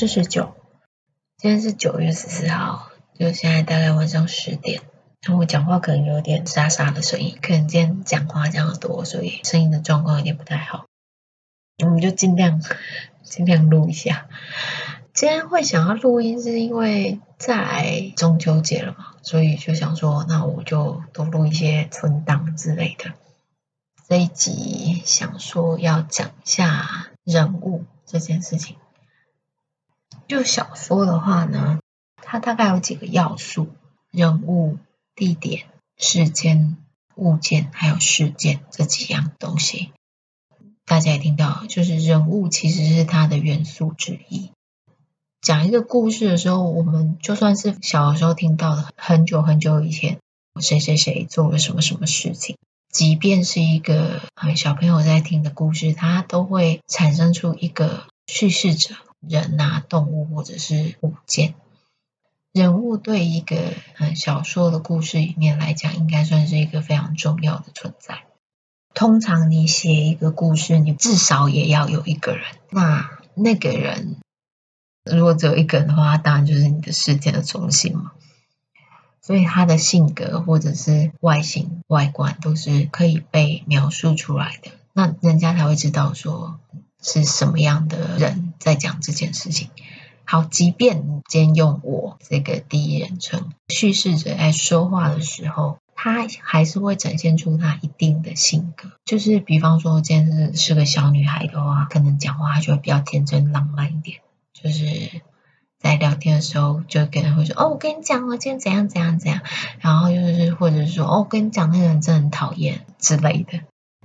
四十九，今天是九月十四號，就現在大概晚上十點。我講話可能有點沙沙的聲音，可能今天講話講得多，所以聲音的狀況有點不太好。我們就盡量盡量錄一下。今天會想要錄音，是因為在中秋節了嘛，所以就想說，那我就多錄一些存檔之類的。這一集想說要講一下人物這件事情。就小說的話呢，它大概有幾個要素：人物、地點、時間、物件，還有事件這幾樣東西。大家也聽到，就是人物其實是它的元素之一。講一個故事的時候，我們就算是小的時候聽到的，很久很久以前，誰誰誰做了什麼什麼事情，即便是一個呃小朋友在聽的故事，它都會產生出一個敘事者。人啊，動物或者是物件，人物對一個嗯小說的故事裡面來講，應該算是一個非常重要的存在。通常你寫一個故事，你至少也要有一個人。那那個人如果只有一個人的話，他當然就是你的世界的中心嘛。所以他的性格或者是外形外觀都是可以被描述出來的。那人家才會知道說是什麼樣的人。在講這件事情，好，即便你今天用我這個第一人稱敘事者在說話的時候，他還是會展現出他一定的性格。就是比方說，今天是是個小女孩的話，可能講話就會比較天真浪漫一點。就是在聊天的時候，就可能會說：“哦，我跟你講，我今天怎樣怎樣怎樣怎樣。”然後就是或者說：“哦，我跟你講，那個人真的很討厭之類的。”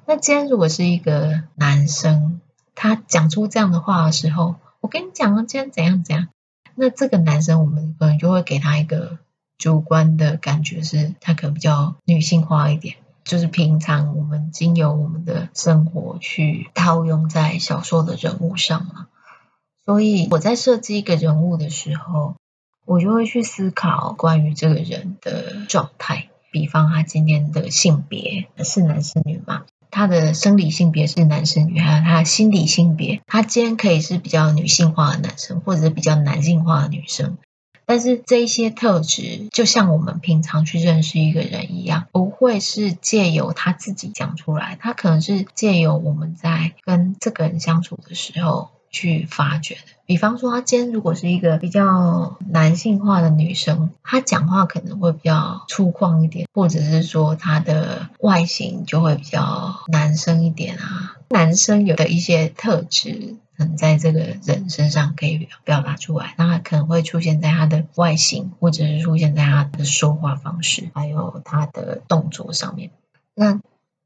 那今天如果是一個男生，他講出這樣的話的時候，我跟你講，今天怎樣怎樣。那這個男生，我們可能就會給他一個主觀的感覺，是他可能比較女性化一點，就是平常我們經由我們的生活去套用在小說的人物上嘛。所以我在設計一個人物的時候，我就會去思考關於這個人的狀態，比方他今天的性別是男是女嘛？他的生理性別是男生、女孩，還有他的心理性別，他兼可以是比較女性化的男生，或者是比較男性化的女生。但是這一些特質，就像我們平常去認識一個人一樣，不會是借由他自己講出來，他可能是借由我們在跟這個人相處的時候。去發掘的，比方說，他今天如果是一個比較男性化的女生，她講話可能會比較粗獷一點，或者是說她的外形就會比較男生一點啊。男生有的一些特質，可能在這個人身上可以表達出來，那可能會出現在他的外形，或者是出現在他的說話方式，還有他的動作上面。那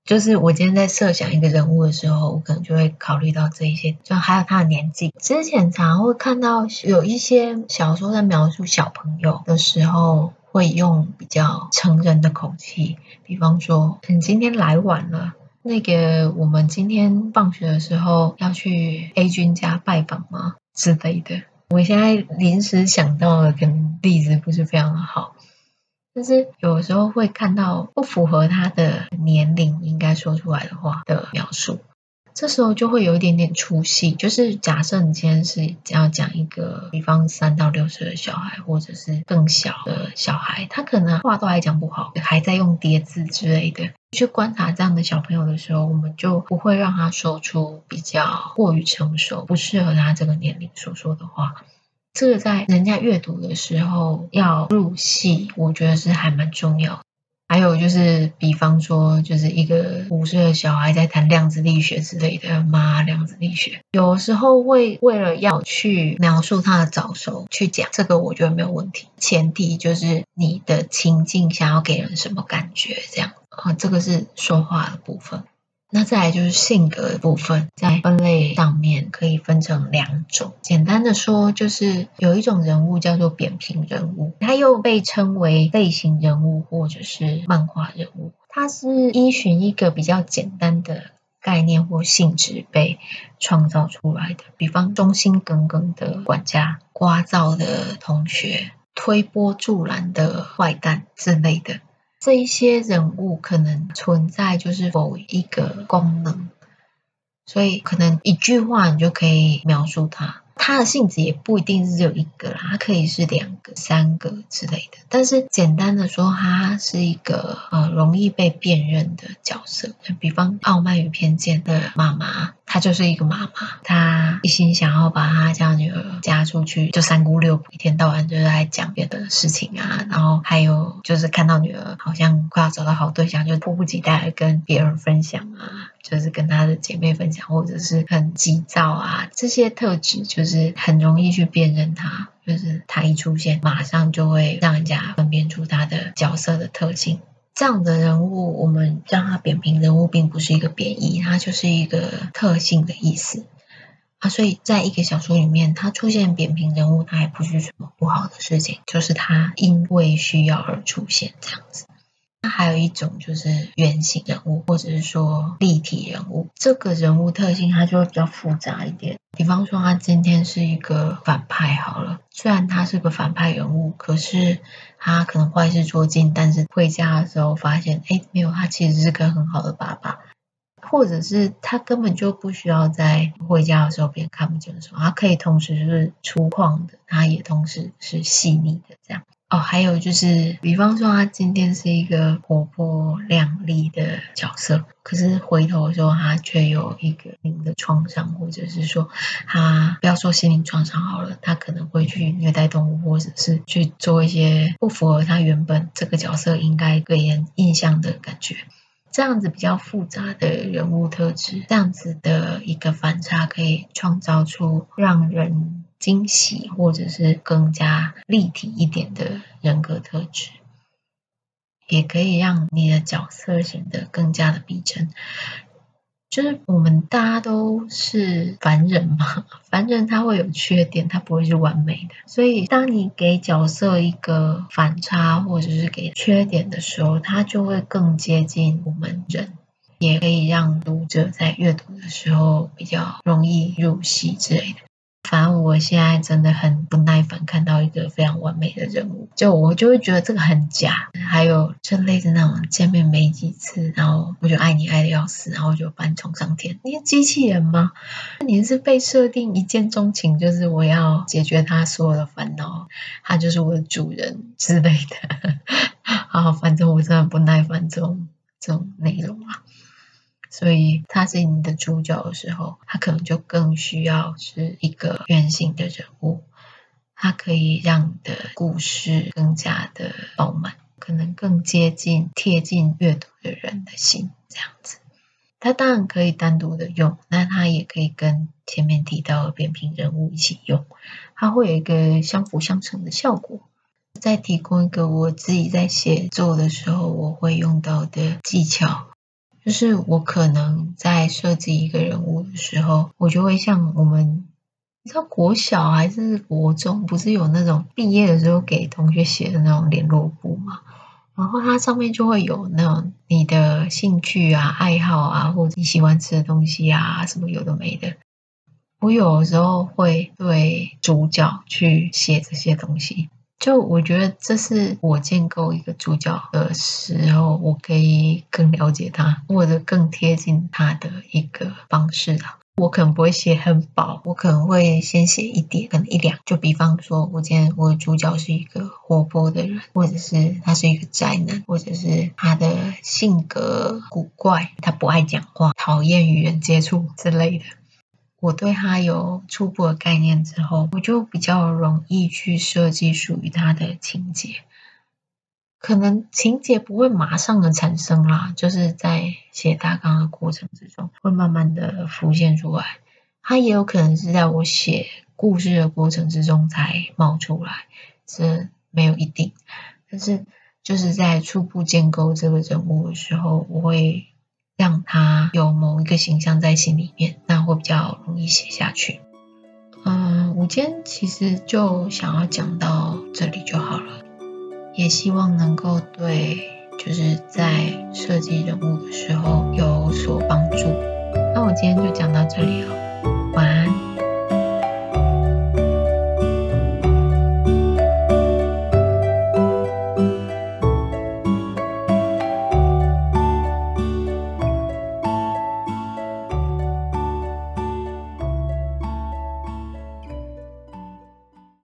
就是我今天在設想一個人物的時候，我可能就會考慮到這一些，就還有他的年紀。之前常會看到有一些小說在描述小朋友的時候，會用比較成人的口氣，比方說：“你今天來晚了，那個我們今天放學的時候要去 A 君家拜訪嗎？”之類的。我現在臨時想到的，可能例子不是非常的好。但是有時候會看到不符合他的年齡應該說出來的話的描述，這時候就會有一點點出戲，就是假設你今天是要講一個，比方三到六歲的小孩，或者是更小的小孩，他可能話都還講不好，還在用疊字之類的。你去觀察這樣的小朋友的時候，我們就不會讓他說出比較過於成熟、不適合他這個年齡所說的話。這個在人家閱讀的時候要入戲，我覺得是還蠻重要。還有就是，比方說，就是一個五歲的小孩在談量子力學之類的，媽，量子力學，有時候會為了要去描述他的早熟去講這個，我覺得沒有問題。前提就是你的情境想要給人什麼感覺，這樣啊，哦，這個是說話的部分。那再來就是性格的部分，在分類上面可以分成兩種。簡單的說，就是有一種人物叫做扁平人物，他又被稱為類型人物或者是漫畫人物。他是依循一個比較簡單的概念或性質被創造出來的，比方忠心耿耿的管家、聒噪的同學、推波助瀾的壞蛋之類的。這一些人物可能存在就是某一個功能，所以可能一句話你就可以描述他，他的性子也不一定是只有一個啦，它可以是兩個、三個之類的。但是簡單的說，他是一個呃容易被辨認的角色。比方《傲慢與偏見》的媽媽，她就是一個媽媽，她，一心想要把她家女兒嫁出去，就三姑六婆一天到晚就是愛講別的事情啊。然後還有就是看到女兒好像快要找到好對象，就迫不及待的跟別人分享，啊，就是跟他的姐妹分享，或者是很急躁啊。這些特質就是很容易去辨認他，就是他一出現，馬上就會讓人家分辨出他的角色的特性。這樣的人物，我們讓他扁平人物，並不是一個貶義，它就是一個特性的意思。啊，所以在一個小說裡面，他出現扁平人物，它也不是什麼不好的事情，就是他因為需要而出現這樣子。那還有一種就是圓形人物，或者是說立體人物，這個人物特性它就會比較複雜一點。比方說，他今天是一個反派好了，雖然他是個反派人物，可是他可能壞事做盡，但是回家的時候發現，哎，沒有，他其實是個很好的爸爸。或者是他根本就不需要，在回家的時候、別人看不見的時候，他可以同時是粗獷的，他也同時是細膩的這樣。哦，還有就是，比方說他今天是一個活潑亮麗的角色，可是回頭的時候他卻有一個心靈的創傷，或者是說他不要說心靈創傷好了，他可能會去虐待動物，或者是去做一些不符合他原本這個角色應該給人印象的感覺。這樣子比較複雜的人物特質，這樣子的一個反差，可以創造出讓人驚喜，或者是更加立體一點的人格特質，也可以讓你的角色顯得更加的逼真。就是我們大家都是凡人嘛，凡人他會有缺點，他不會是完美的。所以，當你給角色一個反差，或者是給缺點的時候，他就會更接近我們人，也可以讓讀者在閱讀的時候比較容易入戲之類的。反正我現在真的很不耐煩，看到一個非常完美的人物，就我就會覺得這個很假。還有就類似那種見面沒幾次，然後我就愛你愛得要死，然後就把你寵上天，你是機器人嗎？你是被設定一見鍾情，就是我要解決他所有的煩惱，他就是我的主人之類的。然後反正我真的不耐煩這種這種內容啊。所以他是你的主角的時候，他可能就更需要是一個圓形的人物，他可以讓你的故事更加的飽滿，可能更接近貼近閱讀的人的心，這樣子。他當然可以單獨的用，那他也可以跟前面提到的扁平人物一起用，他會有一個相輔相成的效果。再提供一個我自己在寫作的時候我會用到的技巧。就是我可能在設計一個人物的時候，我就會像我們，你知道國小還是國中，不是有那種畢業的時候給同學寫的那種聯絡簿嘛，然後它上面就會有那種你的興趣啊、愛好啊，或者你喜歡吃的東西啊，什麼有的沒的。我有時候會對主角去寫這些東西。就我覺得這是我建構一個主角的時候，我可以更了解他，或者更貼近他的一個方式啊。我可能不會寫很薄，我可能會先寫一點，可能一兩。就比方說我，我今天我的主角是一個活潑的人，或者是他是一個宅男，或者是他的性格古怪，他不愛講話，討厭與人接觸之類的。我對他有初步的概念之後，我就比較容易去設計屬於他的情節。可能情節不會馬上的產生啦，就是在寫大綱的過程之中，會慢慢的浮現出來。他也有可能是在我寫故事的過程之中才冒出來，是沒有一定。但是就是在初步建構這個人物的時候，我會。讓他有某一個形象在心裡面，那會比較容易寫下去。嗯，我今天其實就想要講到這裡就好了，也希望能夠對就是在設計人物的時候有所幫助。那我今天就講到這裡了。